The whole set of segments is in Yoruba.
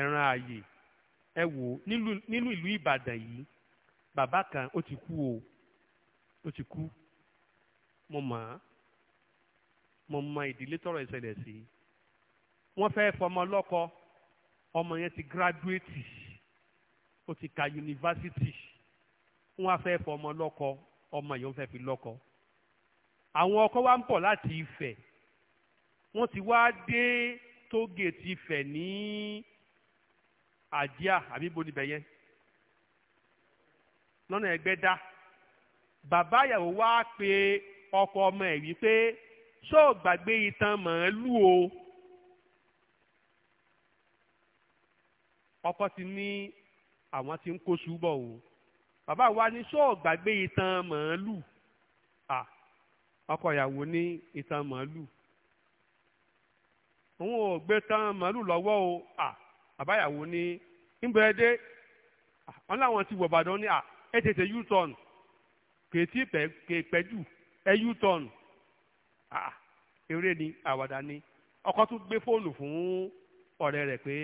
ẹran ààyè ẹ wò nílùú ìlú Ìbàdàn yìí bàbá kan ó ti kú o ó ti kú mo mọ̀ á mo mọ ìdílé tọrọ ìṣẹ̀lẹ̀ sí wọ́n fẹ́ fọmọ lọ́kọ ọmọ yẹn ti gírádúétì ó ti ka yunifásitì wọ́n á fọmọ lọ́kọ ọmọ yẹn ó fẹ́ fi lọ́kọ àwọn ọkọ wa ń bọ̀ láti Ifẹ̀ wọ́n ti wá dé tógèètì Ifẹ̀ ní àjíà àbí bo níbẹ̀ yẹn lọ́nà ẹgbẹ́ dá bàbá ìyàwó wá pe ọkọ ọmọ ẹ̀ wípé ṣó o gbàgbé itan màálù o ọkọ ti ní àwọn ti ń kó ṣùbọ̀ o bàbá wa ní ṣó o gbàgbé itan màálù à ọkọ ìyàwó ní itan màálù òun ò gbé tan màálù lọ́wọ́ o Ah àbáyàwó ní ńbẹ̀rẹ̀dẹ́ wọn láwọn ti wọ̀ Ìbàdàn ní à ẹ tètè u-turn kè tí pẹ́ jù ẹ u-turn eré ni àwàdà ni ọkọ tún gbé fóònù fún ọ̀rẹ́ rẹ̀ pé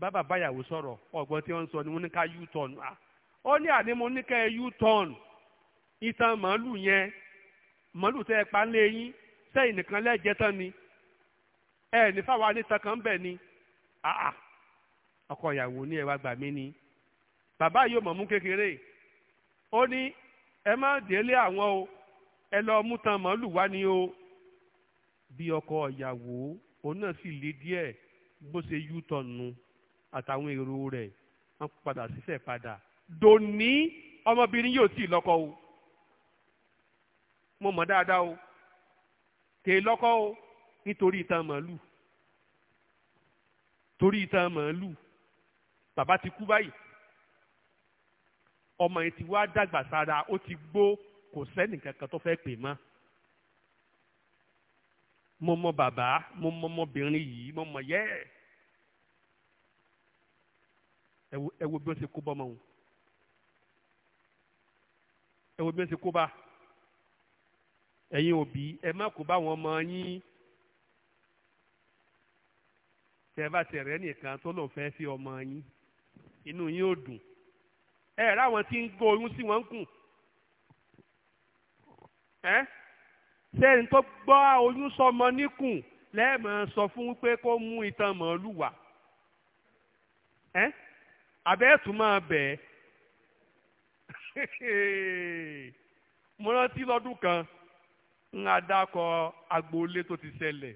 bàbá báyàwó sọ̀rọ̀ ọ̀gbọ́n tí wọ́n ń sọ ni wọ́n ní ká u-turn ó ní àní mo ní ká ẹ u-turn ìtàn màálù yẹn màálù tẹ́ ẹ pa ń yín sẹ́yìn nìkan lẹ́ẹ̀jẹ̀ tán ni ẹ ní fáwa ní tankan bẹ́ẹ̀ ni. Ah, ah, ọkọ ìyàwó ní ẹ wá gbà mí ni bàbá yóò mọ̀ mú kékeré ó ní ẹ má délé àwọn o ẹ lọ mú tan màálù ni o bí ọkọ ìyàwó òun náà sì le díẹ̀ bó ṣe yú tọ̀nù àtàwọn èrò rẹ̀ wọ́n padà síṣẹ́ padà dòní ọmọbìnrin yóò tì lọ́kọ o mo mọ̀ dáadáa o kè é lọ́kọ o nítorí ìtàn màálù torí ìtàn màálù bàbá ti kú báyìí ọmọ yìí ti wá dàgbà sára ó ti gbó kò sẹ́nìkankan tó fẹ́ pè mọ́ mo mọ bàbá mo mọ ọmọbìnrin yìí mo mọ yẹ ẹ wo bí wọ́n ṣe kó bọ́ ọmọ wọn ẹ wo bí wọ́n ṣe kó bá ẹ̀yin òbí ẹ má kó bá wọn ọmọ yín tẹ bá ti rẹ nìkan tó lòun fẹ́ fi ọmọ yín inú yín ò dùn ẹ ráwọn tí ń gbó oyún sí wọn ń kùn ẹ sẹ́ni tó gbọ́ oyún sọmọ níkùn lẹ́ẹ̀mọ̀ sọ fún pé kó mú itan màálù wá ẹ abẹ́ẹ̀tún máa bẹ̀ ẹ́ mo rántí lọ́dún kan ń adakọ agboolé tó ti ṣẹlẹ̀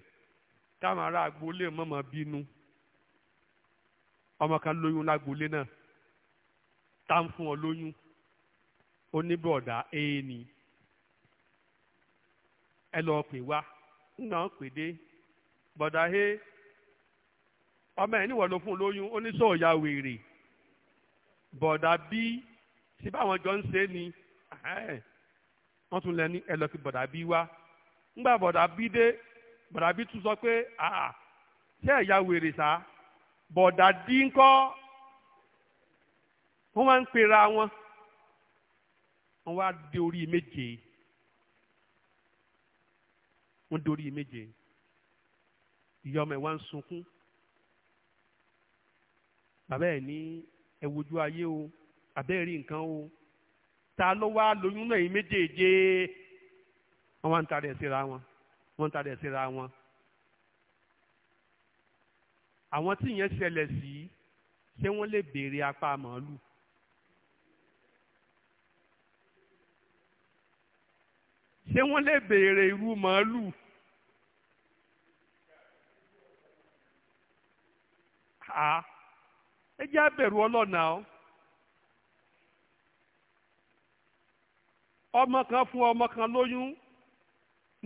táwọn ará agboolé mọ̀mọ́ bínú ọmọ kan lóyún lágboolé náà tá ń fún ọ lóyún oníbọ̀dà ee ni ẹ lọ pè wá nná pè dé bọ̀dà he ọmọ ẹ̀ níwọ̀ ló fún lóyún oníṣòòyà wèrè bọ̀dà bí tí báwọn jọ ń ṣe ni wọ́n tún lẹ́ni ẹ lọ fi bọ̀dà bí wá ńgbà bọ̀dà bí dé bọ̀dàbí tún sọ pé àà ṣé ẹ̀yà wèrè sá bọ̀dà dí ńkọ́ wọ́n máa ń pera wọn wọ́n wá dé orí méje wọ́n dé orí méje ìyá ọmọ ẹ̀ wá ń sunkún bàbá ẹ̀ ní ẹ wojú ayé o àbẹ́ẹ̀rí nǹkan o ta ló wá lóyún náà yìí méjèèje wọ́n wá ń tarẹ̀ síra wọn wọ́n ń ta rẹ̀ síra wọn. àwọn tí ìyẹn ṣẹlẹ̀ sí ṣé wọ́n lè béèrè apá màálù. ṣé wọ́n lè béèrè irú màálù. a ẹ jẹ́ abẹ̀rù ọlọ́nà o. ọmọ kan fún ọmọ kan lóyún.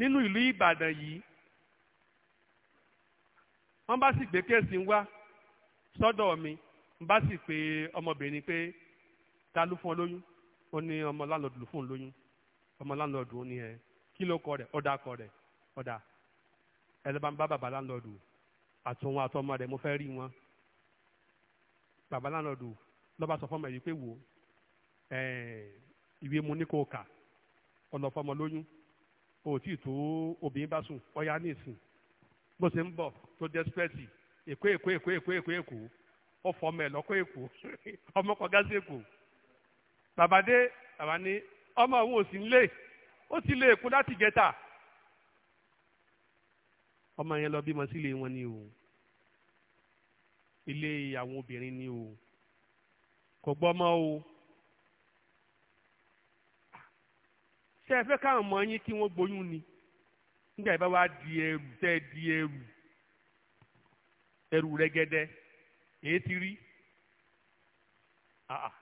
nínú ìlú Ìbàdàn yìí yi bá sì gbé kéèsì ń wá sọ́dọ̀ mi n bá sì pé ọmọbìnrin pé ta ló fún ọ lóyún ó ní ọmọ láńlọ́ọ̀dù ló fún un lóyún ọmọ láńlọ́ọ̀dù ó ní ẹ kí ló kọ rẹ̀ ọ̀dà kọ rẹ̀ ọ̀dà ẹ mo rí wọn bàbá sọ yìí pé wò ò tí tó obìnrin bá sùn ọ̀yá ní ìsìn bó ṣe ń bọ̀ tó dẹ́sípẹ́tì èkó èkó èkó èkó èkó èkó ó fọmọ ẹ̀ lọ́kọ́ èkó ọmọ kan gá sí èkó bàbá dé bàbá ní ọmọ òun ò sí ń lé ó ti lé èkó láti jẹta ọmọ yẹn lọ bímọ sílé wọn ni o ilé àwọn obìnrin ni o kò gbọ́ mọ́ o. ṣé káwọn ọmọ kí wọ́n ni nígbà yìí bá wá di ẹrù di ẹrù ẹrù rẹ́gẹ́dẹ́ èyí ti rí ah, ah.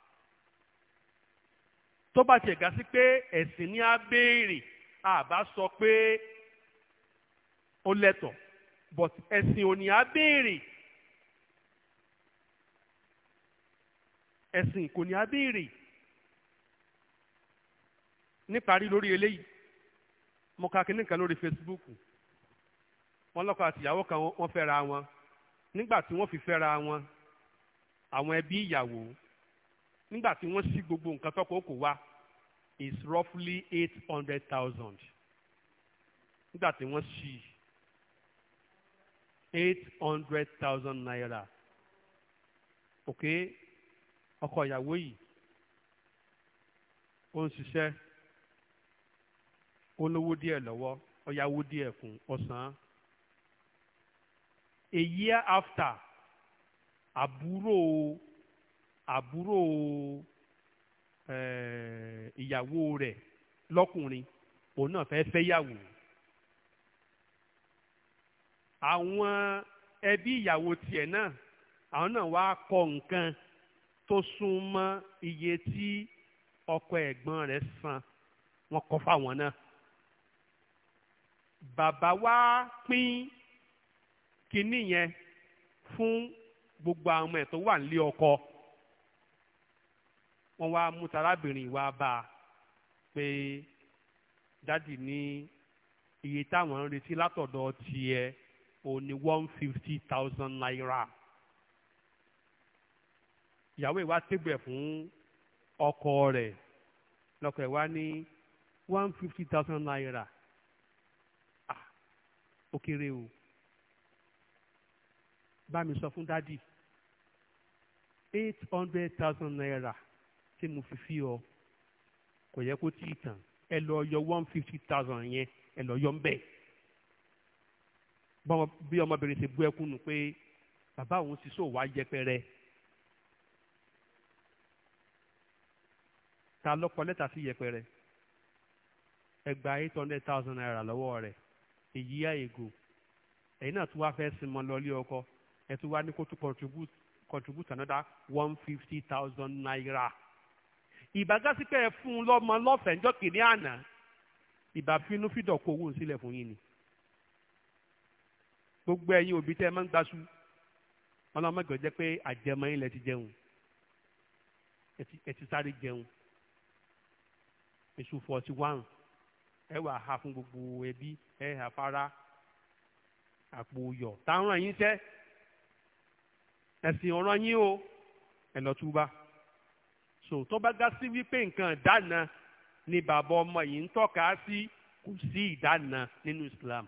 tó bá tiẹ̀ sí pé ẹ̀sìn ní àbá sọ pé ó but ẹ̀sìn ò ní á ẹ̀sìn kò ní níparí lórí eléyìí mo ka kinní kan lórí Facebook wọn lọ́kọ àtìyàwó kan wọ́n fẹ́ra wọn nígbà tí wọ́n fi fẹ́ra wọn àwọn ẹbí ìyàwó nígbà tí wọ́n sí gbogbo nǹkan tọ́kọ kò wá is roughly eight hundred thousand nígbà tí wọ́n sí eight hundred thousand naira okay ọkọ ìyàwó yìí ó ń ṣiṣẹ́ ó díẹ̀ lọ́wọ́ ó díẹ̀ fún ọ̀sán. a year after àbúrò àbúrò eh, ìyàwó rẹ̀ lọ́kùnrin òun náà fẹ́ fẹ́yàwó àwọn ẹbí ìyàwó tiẹ̀ náà àwọn náà wá kọ nǹkan tó sún mọ́ iye tí ọkọ ẹ̀gbọ́n rẹ̀ san wọ́n kọ fáwọn náà bàbá wa pín kinní yẹn fún gbogbo àwọn ọmọ ẹ̀ tó wà nílé ọkọ wọ́n wá mú tarábìnrin wá bá a pé dádì ní iye táwọn ń retí látọ̀dọ̀ tiẹ̀ ò one fifty thousand naira ìyàwó ìwà tẹ́gbẹ̀ fún ọkọ rẹ̀ lọ́kọ̀ ẹ̀ wá ní one fifty thousand naira ó kéré o bá mi sọ fún dádì eight hundred thousand naira tí mo fi fi ọ kò yẹ kó tí ì tàn ẹ lọ yọ one fifty thousand yẹn ẹ lọ yọ ń bẹ bí ọmọbìnrin ti bú ẹkún nu pé bàbá òun ti sọ wá yẹpẹrẹ ta ló kọ sí yẹpẹrẹ ẹ eight hundred thousand naira lọ́wọ́ rẹ̀ èyí á ègò ẹ̀yin náà tún wá fẹ́ sin mọ́ lọ́lé ọkọ ẹ̀ tún wá ní kó tún contribute contribute another one fifty thousand naira ìbágásípẹ́ fún un lọ́mọ lọ́fẹ̀ẹ́ ńjọ́ kìíní àná ìbáfínúfídọ̀ kó owó sílẹ̀ fún yín ni gbogbo ẹ̀yin òbí tẹ́ ẹ máa ń gbaṣu ọlọ́mọgàn jẹ́ pé àjẹmọ́ yín lẹ ti jẹun ẹ ti sáré jẹun èso forty one ẹ wà á fún gbogbo ẹbí ẹ àfárá àpò yọ táwọn ẹ̀yin tẹ́ ẹ̀sìn ọ̀rọ̀ yín o ẹ lọ túbà so tó bá gá sí wípé nǹkan ìdáná ni bàbá ọmọ yìí ń tọ́ka sí kò sí ìdáná nínú Islam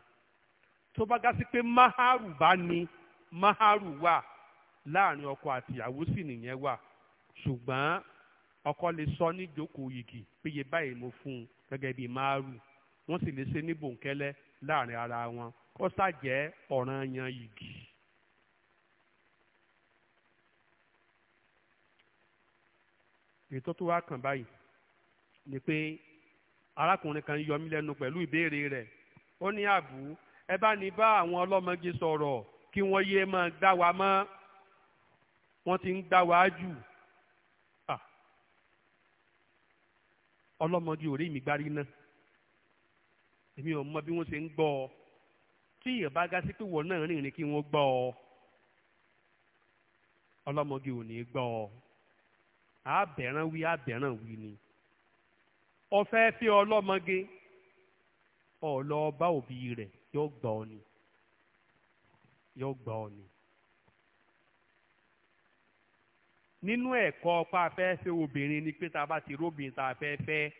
tó bá gá sí pé maharu bá ní maharu wà láàrin ọkọ àti ìyàwó sì nìyẹn wà ṣùgbọ́n ọkọ lè sọ níjókòó yìgì péye báyìí mo fún un gẹ́gẹ́ bíi maharu wọ́n sì lè ṣe ní bòńkẹ́lẹ́ láàrin ara wọn kó ṣàjẹ́ ọ̀ràn yan yìgì. ètò tó wá kàn báyìí ni pé arákùnrin kan yọ mí lẹ́nu pẹ̀lú ìbéèrè rẹ̀ ó ní àbú ẹ bá ní bá àwọn ọlọ́mọge sọ̀rọ̀ kí wọ́n yéé máa gbá wa mọ́ wọ́n ti ń gbá wa jù ah. ọlọ́mọge ò mi gbárí náà èmi ò mọ bí wọ́n ṣe ń gbọ́ ọ tí ìyẹ̀bá ga sí pé wọ́n náà rìn ní kí wọ́n gbọ́ ọ ọlọ́mọge ò ní gbọ́ ọ àbẹ̀rán wí àbẹ̀rán wí ni ọfẹ́ fi ọlọ́mọge ọ̀lọ́ bá òbí rẹ̀ yóò gbọ́ ọ ni yóò gbọ́ ọ ni. nínú ẹ̀kọ́ pa afẹ́fẹ́ obìnrin ni pé tá a bá ti róbìnrin tá a fẹ́ fẹ́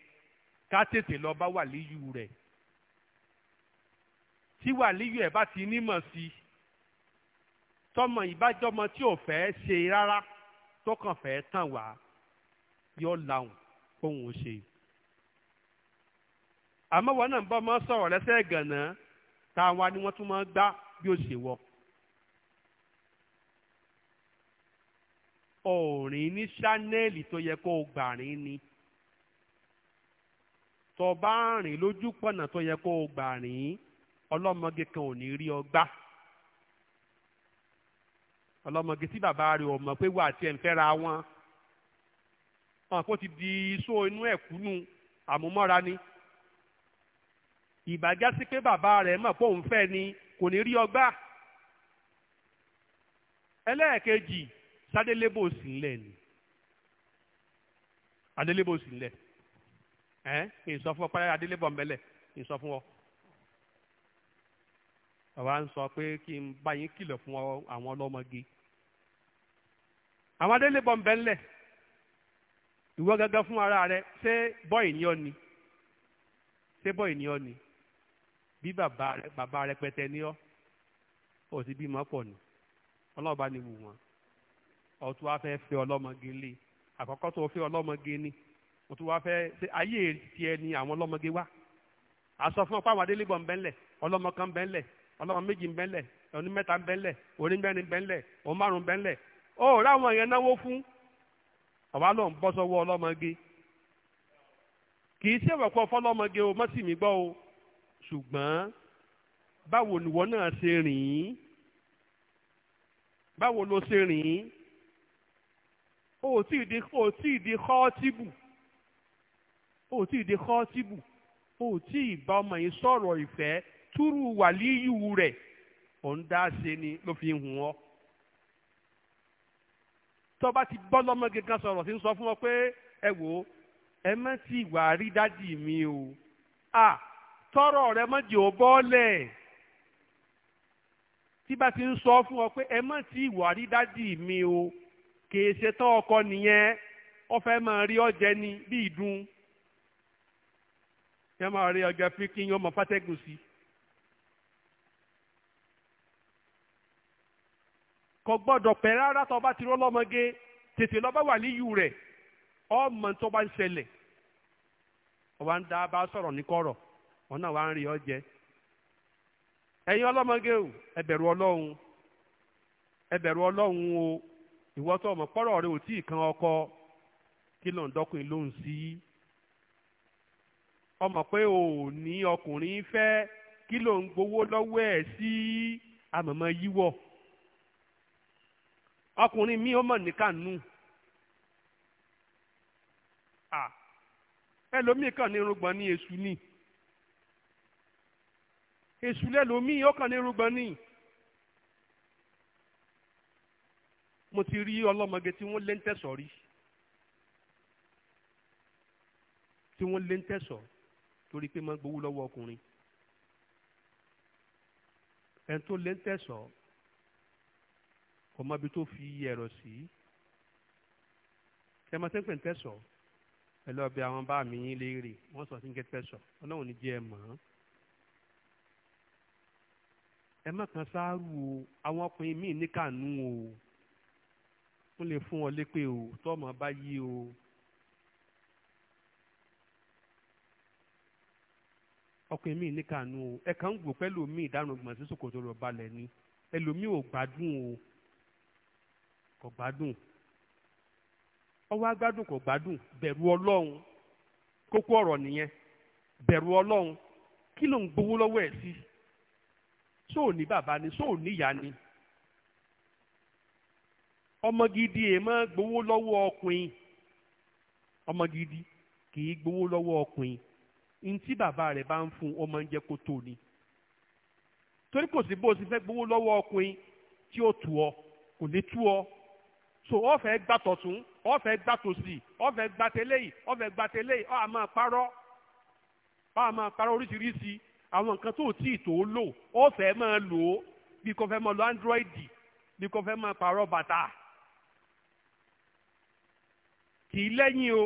ká tètè lọ bá wàlíyù rẹ̀ tí wàlíyù ẹ̀ bá ti nímọ̀ sí tọmọ ìbájọmọ tí ò fẹ́ ṣe rárá tó kàn fẹ́ tàn wá yóò làwọn kóhun ó ṣe. àmọ́ wọn náà ń bọ́ ọmọ sọ̀rọ̀ lẹ́sẹ̀ gànà táwa ni wọ́n tún máa gbá bí ó ṣe wọ̀. òòrìn ní ṣánẹ́ẹ̀lì tó yẹ kó o gbà rìn ni tó bá rìn lójú pọ̀nà tó yẹ kó o gbà rìn ọlọ́mọge kan ò ní rí ọ gbá ọlọ́mọge tí bàbá rẹ̀ ò mọ̀ pé wà tí ẹ̀ ń fẹ́ra wọn hàn kó ti di iṣó inú ẹ̀kúnnú àmúmọ́ra ni ìbàjá sí pé bàbá rẹ̀ mọ̀ pé òun fẹ́ ni kò ní rí ọ gbá ẹlẹ́ẹ̀kejì sádélébò sí ńlẹ̀ ni adélébò sí ńlẹ̀ ẹ̀ kì í sọ fún ọ pé adélébò ń bẹ̀lẹ̀ kì í sọ fún ọ àwa ń sọ pé kí n bá yín kìlọ̀ fún àwọn ọlọ́mọge àwọn adélébọ̀ ń bẹ́ ńlẹ̀ ìwọ gẹ́gẹ́ fún ara rẹ ṣé bọ́ì ni ọ ni ṣé bọ́ì ni ọ ni bí bàbá rẹ bàbá rẹ pẹtẹ ni ọ ò sì bímọ pọ̀ ni ọlọ́ọ̀bá ni wù wọ́n ọ̀tún wá fẹ́ fẹ́ ọlọ́mọge lé àkọ́kọ́ tó fẹ́ ọlọ́mọge ni òtún wá fẹ́ ṣe ayé tiẹ̀ ni àwọn ọlọ́mọge wá àsọ fún ọpá àwọn adélébọ̀ ń bẹ́ ńlẹ̀ ọlọ́mọ kan ń bẹ́ ńlẹ̀ ọlọ́mọ méjì ń bẹ́ńlẹ̀ onímẹ́ta ń bẹ́ńlẹ̀ onímẹ́rin ń bẹ́ńlẹ̀ onímárùn-ún ń bẹ́ńlẹ̀ ó ráwọn èèyàn náwó fún ọ̀wá ló ń bọ́ sọ́wọ́ ọlọ́mọge kì í ṣèwọ̀pọ̀ fọlọ́mọge o mọ́sí mi gbọ́ o ṣùgbọ́n báwo nìwọ náà ṣe rìn ín báwo ló ṣe rìn ín o ò tí ì di o ò tí ì di kọ́ọ́tìbù o ò tí ì di kọ́ọ́tìbù o ò tí ì bá ọmọ yìí sọ̀rọ̀ ìfẹ́ túrú wàlíyù rẹ òun dá ṣe ni ló fi hùn ọ tọ́ba ti bọ́ lọ́mọ gẹ́gẹ́ sọ̀rọ̀ sí ń sọ fún ọ pé ẹ wò ó ẹ má ti wà rí dádì mi o a tọrọ rẹ má jẹ́ ò bọ́ọ̀lẹ̀ tí bá ti ń sọ fún ọ pé ẹ má ti wà rí dádì mi o kì í ṣe tán ọkọ nìyẹn ó fẹ́ máa rí ọjẹ́ ni bí ìdun yẹn máa rí ọjọ́ fi kí yín ó mọ sí i. kọ gbọ́dọ̀ pẹ́ rárá tó bá ti rọ́ lọ́mọge tètè lọ bá wàlíyù rẹ̀ ọmọ tó bá ń ṣẹlẹ̀ ọba ń bá sọ̀rọ̀ ní kọ̀rọ̀ wọn náà wá ń rí ọ jẹ ẹ̀yin ọlọ́mọge o ẹ ọlọ́run o ìwọ ọkọ kí ọmọ pé o ò ní ọkùnrin fẹ́ kí gbowó lọ́wọ́ ẹ̀ sí ọkùnrin mi ó mọ̀ níkànnú ẹlòmíì kàn ní irùngbọ̀n ní èṣù ni èṣù lẹ́lòmíì ó kàn ní irùngbọ̀n ní. mo ti rí ọlọ́mọge tí wọ́n lé ń tẹ̀sọ̀ rí tí wọ́n lé ń tẹ̀sọ̀ torí pé máa ń gbowó lọ́wọ́ ọkùnrin ẹni tó lé ń tẹ̀sọ̀ kò mọ ibi tó fi ẹ̀rọ sí ẹ mọ sẹ́ńpẹ̀ ń tẹ̀sọ̀ ẹ lọ bí àwọn bá mi yín léèrè wọ́n sọ sí ń kẹ́tẹ́sọ̀ ọlọ́run ní jẹ́ ẹ mọ̀ ọ́n ẹ má kan sáárù o àwọn ọkùnrin míì níkànú o wọ́n lè fún ọ lépè o tọ́mọ bá yí o. ọkùnrin míì níkànú o ẹ̀ka ń gbò pẹ́lú míì dánù sí ṣòkòtò rẹ̀ balẹ̀ ni ẹlòmíì ò gbádùn o kò gbádùn ọwọ́ agbádùn kò gbádùn bẹ̀rù ọlọ́run kókó ọ̀rọ̀ nìyẹn bẹ̀rù ọlọ́run kí ló ń gbowó lọ́wọ́ ẹ̀ sí sóò ní bàbá ni sóò ní ìyá ni ọmọ gidi ẹ̀ máa gbowó lọ́wọ́ ọkùnrin ọmọ gidi kì í gbowó lọ́wọ́ ọkùnrin ntí bàbá rẹ̀ bá ń fún ọmọ ń jẹ́ kó tó ni torí kò sí bó o sì fẹ́ gbowó lọ́wọ́ ọkùnrin tí ó tù ọ kò lè tú ọ so ó fẹ́ gbà tọ̀tún ó fẹ́ gbà tòsì ó fẹ́ gbà tẹ́lẹ̀yì ó fẹ́ gbà tẹ́lẹ̀yì ó àmọ́ parọ́ ó àmọ́ parọ́ oríṣiríṣi àwọn nǹkan tó tí ì tó lò ó fẹ́ máa lò ó bí kò fẹ́ máa lo android bí kò fẹ́ máa parọ́ bàtà kì í lẹ́yìn o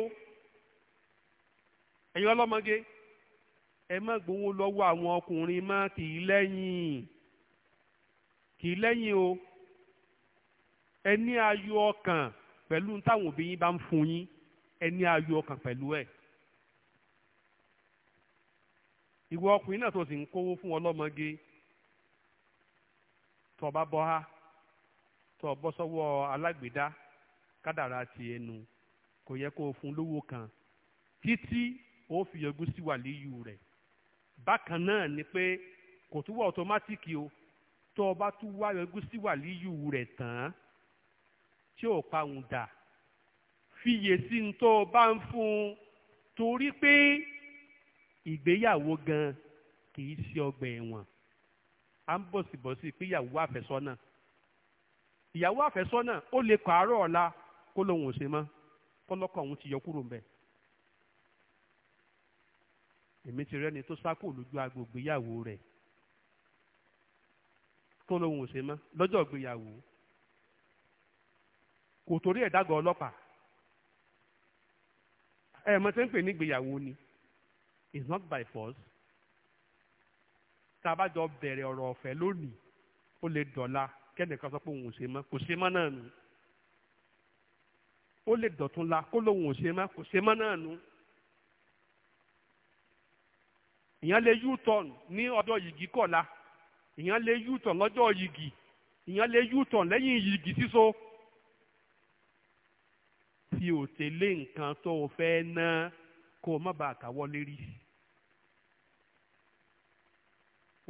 ẹ̀yin ọlọ́mọge ẹ má gbowó lọ́wọ́ àwọn ọkùnrin má kì í lẹ́yìn kì í lẹ́yìn o ẹ ní ayọ̀ ọkàn pẹ̀lú táwọn òbí yín bá ń fún yín ẹ ní ayọ̀ ọkàn pẹ̀lú ẹ̀. ìwọ ọkùnrin náà tó sì ń kówó fún ọlọ́mọge tó bá bọ́ ha tó bọ́ sọ́wọ́ alágbèédá kádàrá ti ẹnu kò yẹ kó o fún lówó kan títí ó fi yọjú sí wàlíyù rẹ̀ bákan náà ni pé kò tún ọ̀tọ́mátìkì o tó o bá tún wá yọjú sí wàlíyù rẹ̀ tán tí ò pahùn dà fiyèsí ń tó o bá ń fún un torí pé ìgbéyàwó gan kì í ṣe ọgbà ẹ̀wọ̀n à ń bọ̀sibọ̀sì pé ìyàwó àfẹ́sọ́nà ìyàwó àfẹ́sọ́nà ó lè pààrọ̀ ọ̀la kó lóun ò ṣe mọ́ kọ́lọ́kọ̀ òun ti yọ tó sákò lójú rẹ̀ kó lóun ò ṣe kò torí ẹ̀ dágọ̀ ọlọ́pàá ẹ̀ mọ̀ tẹ́ ń pè ní ni it's not by force tá a bá jọ bẹ̀rẹ̀ ọ̀rọ̀ ọ̀fẹ́ lónìí ó lè dọ̀la kẹ́nìkan sọ pé òun ò ṣe mọ́ kò ṣe mọ́ náà nù ó lè dọ̀tún kó lóun ò ṣe mọ́ kò ṣe mọ́ náà nù ìyẹn lè u-turn ní ọjọ́ yìgì kọ̀la ìyẹn lè u-turn lọ́jọ́ yìgì ìyẹn lè u-turn lẹ́yìn yìgì síso fi òtélé nǹkan tó o fẹ́ ná kó o má bàa káwọ́ lérí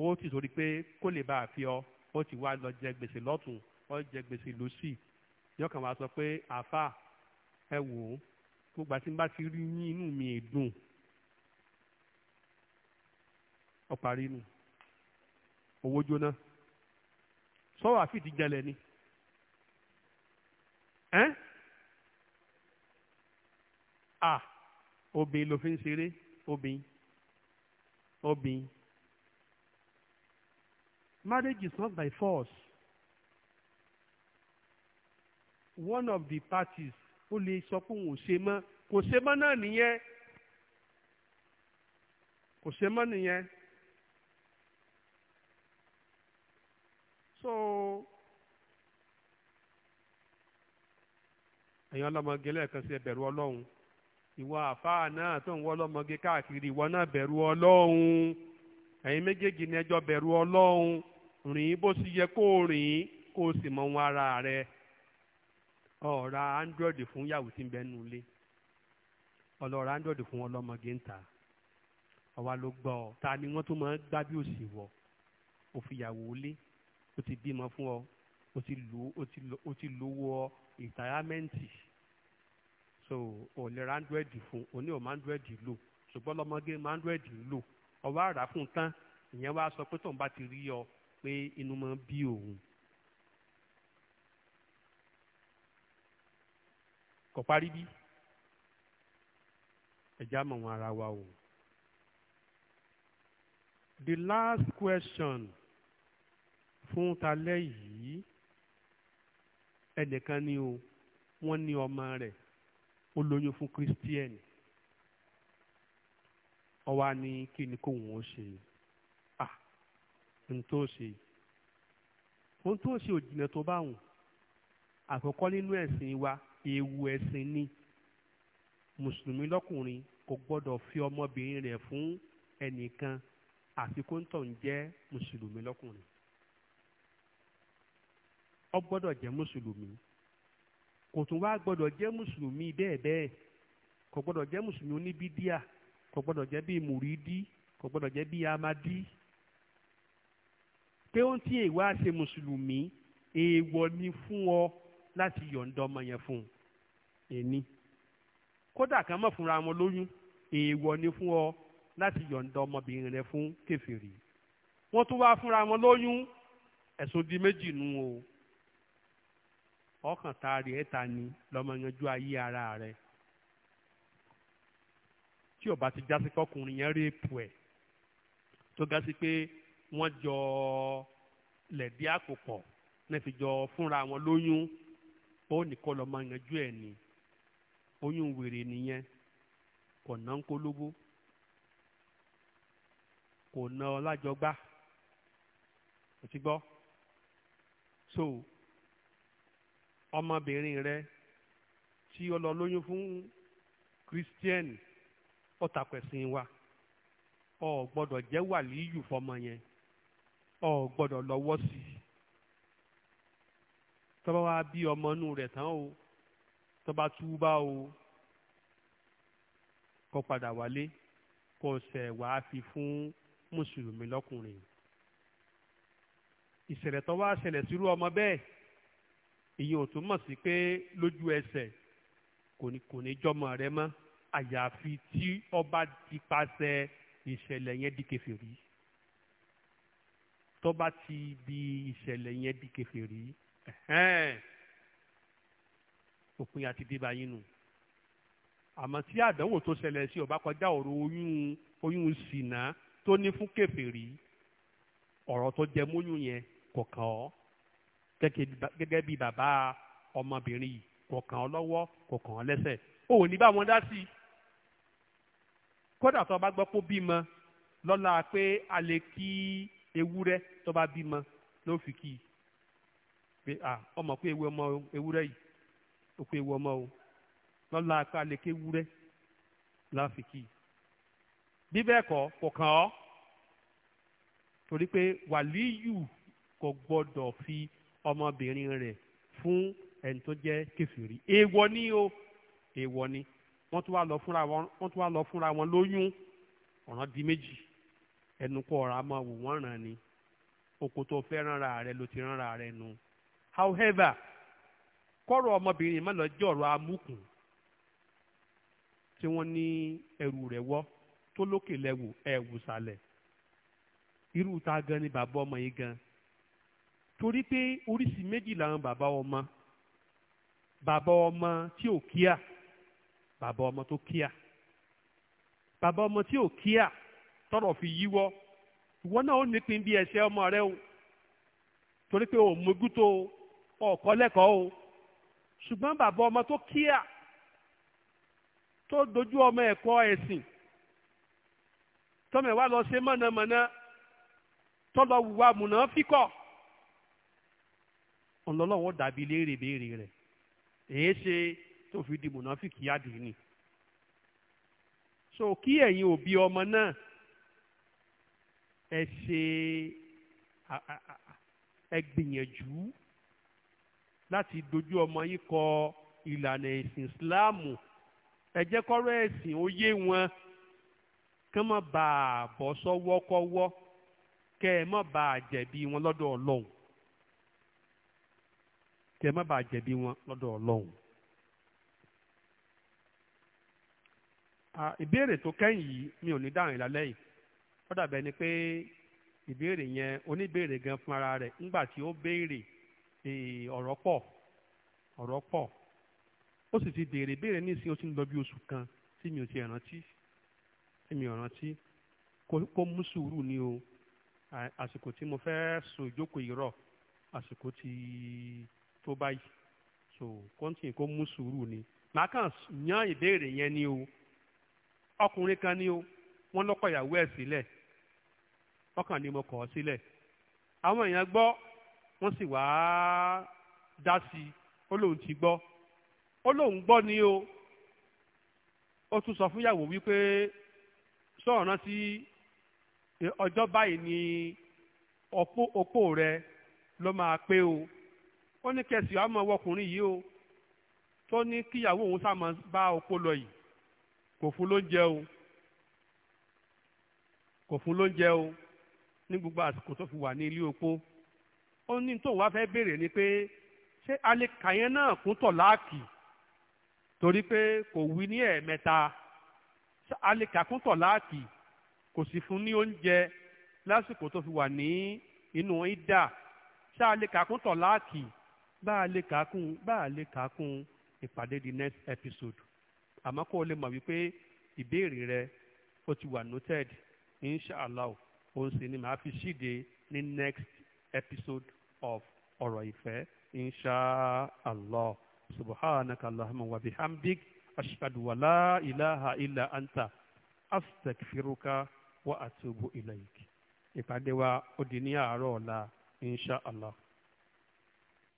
ó ti sori pé kó lè bá a fi ọ ó ti wá lọ jẹ gbèsè lọ́tún ó jẹ gbèsè lọ́sì yọkàn wá sọ pé àáfà ẹ wò ó gbogbo àti bá ti rí yín inú mi dùn ó parí nù owó jóná sọ́wọ́ àfìdí jẹlẹ̀ ni ẹ́ à obìnrin ló fi ń ṣeré obìnrin obìnrin marriage is not by force one of the parties ó lè sọ pé òun ò ṣe mọ́ kò ṣe mọ́ náà nìyẹn kò ṣe mọ́ nìyẹn. so ẹ̀yin ọlọ́mọge lẹ́ẹ̀kan sí ẹ Ọlọ́run ìwọ àfáà náà tó ń wọ́ lọ́mọge káàkiri ìwọ náà bẹ̀rù ọlọ́run ẹ̀yin méjèèjì ní ẹjọ́ bẹ̀rù ọlọ́run rìn bó sì yẹ kó rìn kó o sì mọ ohun ara rẹ ọ̀ra android fún yàwó tí ń bẹ nù lé ọlọ́ra android fún ọlọ́mọge ń ta ọ̀wá ló gbọ́ ọ ta ni wọ́n tún máa ń gbá bí òsì wọ̀ ó fi yàwó lé ó ti bímọ fún ọ ó ti lówó ìtàyámẹ́ǹtì so ò lè ra android fún òní ò máa android lò ṣùgbọ́n lọ́mọge máa android lò ọwọ́ àrà fún un tán ìyẹn wá sọ pé tóun bá ti rí ọ pé inú máa ń bí òun. kò parí bí ẹ̀já mọ̀ wọn ara wa o. the last question fún talẹ́ yìí ẹnìkan ni o wọ́n ní ọmọ rẹ̀ ó lóyún fún kírísítíẹ̀nì ó wá ní kí ni kóun ó ṣe à ah, ń tó ṣe ohun tó ṣe òjìnà tó bá wùn àkọ́kọ́ nínú ẹ̀sìn wa ewu ẹ̀sìn ni mùsùlùmí lọ́kùnrin kò gbọ́dọ̀ fi ọmọbìnrin rẹ̀ fún ẹnìkan àfi kó ń tọ̀ ń jẹ́ mùsùlùmí lọ́kùnrin ó gbọ́dọ̀ jẹ́ mùsùlùmí kò tún wá gbọ́dọ̀ jẹ́ mùsùlùmí bẹ́ẹ̀ bẹ́ẹ̀ kò gbọ́dọ̀ jẹ́ mùsùlùmí oníbídíà kò gbọ́dọ̀ jẹ́ bíi mùrídí kò gbọ́dọ̀ jẹ́ bíi amadí pé ó ń tí èèwọ̀ á ṣe mùsùlùmí èèwọ̀ ni fún ọ láti yọ̀ǹda ọmọ yẹn fún un ẹni kódà kan mọ̀ fúnra wọn lóyún èèwọ̀ ni fún ọ láti yọ̀ǹda ọmọbìnrin rẹ fún kèfèrí wọ́n tún wá fúnra wọn lóyún ẹ̀sùn di méjì nù o ọkàn taari ẹ ta ni lọ́mọ yanjú ayé ara rẹ̀ tí ó bá ti já sí kọkùnrin yẹn réèpù ẹ̀ tó ga sí pé wọ́n jọ lẹ̀dí àpò náà fi jọ fúnra wọn lóyún ó nìkan lọ́mọ yanjú ẹ̀ ni oyún wèrè nìyẹn kò ná ń kólóbó kò ná ọlájọgbá ò ti gbọ́ so ọmọbìnrin rẹ tí ó lọ lóyún fún kristian ó takẹ̀sìn wa ọ gbọ́dọ̀ jẹ́ wàlíyù fọmọ yẹn ọ gbọ́dọ̀ lọ́wọ́ sí i tọ́ba wa bí ọmọ inú rẹ̀ tán o tọ́ba túbá o kó padà wálé kó ṣẹ̀ wàá fi fún mùsùlùmí lọ́kùnrin ìṣẹ̀lẹ̀ tó wá sírú ọmọ bẹ́ẹ̀ ìyẹn ò túmọ̀ sí pé lójú ẹsẹ̀ kò ní kò ní jọmọ rẹ mọ́ àyàfi tí ọba ti pàṣẹ ìṣẹ̀lẹ̀ yẹn di kèfèrí tọ́ba ti di ìṣẹ̀lẹ̀ yẹn di kèfèrí òpin àti dé báyìí nù àmọ́ tí àdánwò tó ṣẹlẹ̀ sí ọba kọjá ọ̀rọ̀ oyún oyún sìnà tó ní fún kèfèrí ọ̀rọ̀ tó jẹ mọ́yún yẹn kọ̀ọ̀kan ọ́ gẹ́gẹ́ bí bàbá ọmọbìnrin yìí kò kàn ọ́ lọ́wọ́ kò kàn ọ́ lẹ́sẹ̀ ò ní bá wọn dá sí i kódà tó bá gbọ́ pé bímọ lọ́la pé a lè kí ewúrẹ́ tó bá bímọ ló fi kí i pé ọmọ pé ewu ọmọ ewúrẹ́ yìí ó pé ewu ọmọ o lọ́la pé a lè kí ewúrẹ́ la fi kí i bí bẹ́ẹ̀ kọ́ kò kàn ọ́ torí pé wàlíyù kò gbọ́dọ̀ fi ọmọbìnrin rẹ̀ fún ẹni tó jẹ́ kẹfìrí èèwọ̀ ni o èèwọ̀ ni wọ́n tún wá lọ fúnra wọn wọ́n tún wá lọ fúnra wọn lóyún ọ̀ràn di méjì ẹnu kọ́ ọ̀rọ̀ àmọ́ wò wọ́n ràn ni oko tó fẹ́ rànra rẹ ló ti rànra rẹ nu however kọ́rọ̀ ọmọbìnrin má lọ jẹ́ ọ̀rọ̀ amúkùn tí wọ́n ní ẹrù rẹ̀ wọ́ tó lókè lẹ́wù ẹ̀wù sàlẹ̀ irú ta gan ni bàbá ọmọ yìí gan torí pé oríṣi méjì làwọn bàbá ọmọ bàbá ọmọ tí ò kíà bàbá ọmọ tó kíà bàbá ọmọ tí ò kíà tọrọ fi yíwọ ìwọ náà ó nípin bí ẹsẹ ọmọ rẹ o torí pé o mójútó ọkọ lẹ́kọ̀ọ́ o ṣùgbọ́n bàbá ọmọ tó kíà tó dojú ọmọ ẹ̀kọ́ ẹ̀sìn tọmọ ẹ wá lọ ṣe mọ̀nàmọ́ná tọlọ wùwà múná fíkọ ọlọ́lọ́wọ́ dàbí léèrè béèrè rẹ̀ èyí ṣe tó fi di mùnáfíkì àdìní. so kí ẹ̀yin òbí ọmọ náà ẹ ṣe ẹ gbìyànjú láti dojú ọmọ yìí kọ ìlànà ẹ̀sìn Ìsìláàmù ẹ jẹ́ kọ́rọ̀ ẹ̀sìn ó yé wọn kí wọ́n má bàa bọ́ sọ́wọ́kọ́wọ́ kẹ́ ẹ má bàa jẹ̀bi wọn lọ́dọ̀ Ọlọ́run kẹ́ má bàa jẹ̀bi wọn lọ́dọ̀ ọlọ́run. ìbéèrè tó kẹ́yìn yìí mi ò ní dáhùn ìlálẹ́ yìí ó dàbẹ̀ ni pé ìbéèrè yẹn oníbéèrè gan fún ara rẹ̀ nígbà tí ó béèrè ọ̀rọ̀ pọ̀ ọ̀rọ̀ pọ̀ ó sì ti béèrè béèrè nísìnyí ó ti ń lọ bí oṣù kan tí mi ò ti rántí tí mi ò rántí kó mú sùúrù ni o àsìkò tí mo fẹ́ sùn ìjókòó ìrọ̀ àsìkò tí tó báyìí so kọ́ńtìn kó mú sùúrù ni màá kàn yan ìbéèrè yẹn ni o ọkùnrin kan ni o wọ́n lọ́kọ ìyàwó ẹ̀ sílẹ̀ ọkàn ni mo kọ̀ ọ́ sílẹ̀ àwọn èèyàn gbọ́ wọ́n sì wá dá sí i ó lóun ti gbọ́ ó lóun gbọ́ ni o ó tún sọ fún wípé sọ̀rọ̀ náà sí ọjọ́ báyìí ni òpó rẹ ló máa pé o ó ní kẹsì ọmọ ọkùnrin yìí o tó ní kíyàwó òun sá máa bá ọkọ lọ yìí kò fún lóúnjẹ o kò fún lóúnjẹ o ní gbogbo àsìkò tó fi wà ní ilé opó ó ní tóun wá fẹ́ béèrè ni pé ṣé alẹ́ kàyẹn náà kún tọ̀ láàkì torí pé kò wí ní ẹ̀ẹ̀mẹ́ta alẹ́ kàkún tọ̀ láàkì kò sì fún ní oúnjẹ lásìkò tó fi wà ní inú ìdá ṣé alẹ́ kàkún tọ̀ láàkì bá a lè kàákùn bá a lè kàákùn ìpàdé di next episode àmọ́ kó o lè mọ̀ wípé ìbéèrè rẹ ó ti wà noted inshallah òun sì ni màá fi ṣíde ní next episode of ọ̀rọ̀ ìfẹ́ inshallah subhanaka allahumma wa bihamdik ashhadu wa la ilaha illa anta astaghfiruka wa atubu ilayk ìpàdé wa ó di ní àárọ̀ ọ̀la inshallah.